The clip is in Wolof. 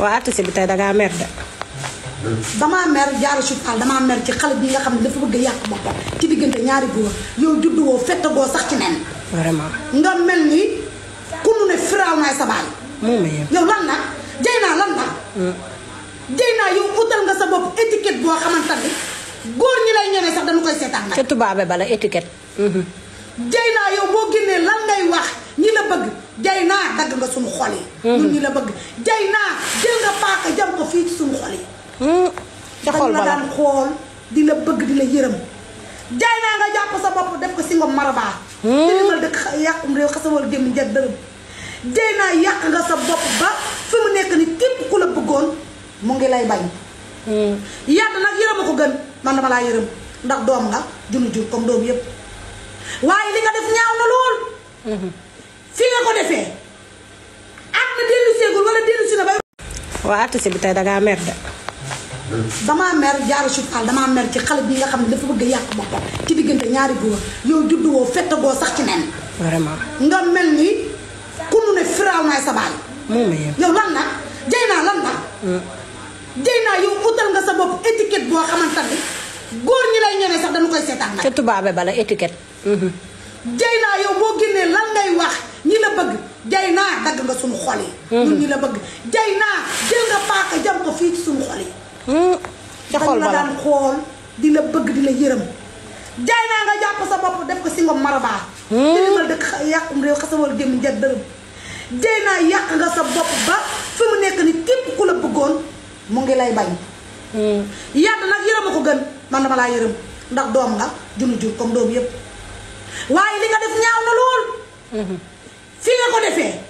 waa artiste bi tey dangaa mer de. damaa mer Diarra Chou Fall damaa mer ci xale bi nga xam ne dafa bëgg a yàq boppam ci diggante ñaari góor yow juddu woo sax ci nen. vraiment nga mel nii ku nu ne firaaw naay sa baay. moom yow lan la jëy naa lan la. Hmm. naa yow utal nga sa bopp étiquette boo xamante ne góor ñi lay ñemee sax dañu koy seetaan. ca tubaabe bala étiquette. Hmm. jay naa yow boo génnee lan ngay wax ñi la bëgg jay naa dagg nga suma xol yi hmm. ñun ñi la bëgg jay naa jël nga paaka jam ko fii ci suñu xol yi hmm. dañ la daan xool di la bëgg di la yërëm jay naa nga jàpp sa bopp def ko si ngom marabaa hmm. dëlimal dëkk yàqum réew xasawal gémmi njëg dërëm naa yàq nga sa bopp ba fi mu nekk ni képp ku la bëggoon mu ngi lay bañ yàlla nag yërëm a ko gën man dama laa yërëm ndax doom nga junu jur comme doom yépp waaye li nga def ñaaw na lool. fi nga ko defee. at na dellu seegul wala dellu na ba. waaw artiste bi tey dangaa mer de. damaa mer jaara sufaal damaa mer ci xale bi nga xam ne dafa bëgg a yàq boppam ci diggante ñaari góor yow juddu woo fett goo sax ci nen. nga mel ni ku mu ne firaaw naay sa baay. moom yow lan la naa lan la. Hmm. naa yow utal nga sa bopp étiquette boo xamante ne. góor ñi lay ñemee sax dañu koy seetaan nag. ca tubaabe bala étiquette. Dieyna mhm. yow boo génnee lan ngay wax ñi la bëgg Dieyna dagg nga suñu xol yi. Mhm. ñi la bëgg Dieyna jël nga fii ci suñu xol yi. Mhm. di la bëgg di la yërëm. Dieyna nga jàpp sa bopp def ko si ngom marabaa. jëlimal dëkk yàqum réew xasawal gémmi njëg dërëm. Dieyna yàq nga sa bopp ba fi mu nekk ni képp ku la bëggoon mu ngi lay bañ. Hmm. yedd nag yërëm a ko gën man dama laa yërëm ndax doom nga junu jur comme doom yépp waaye li nga def ñaaw na lool hmm. fi nga ko defee